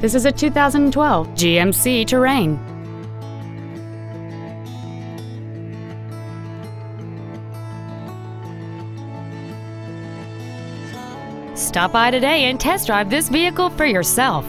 This is a 2012 GMC Terrain. Stop by today and test drive this vehicle for yourself.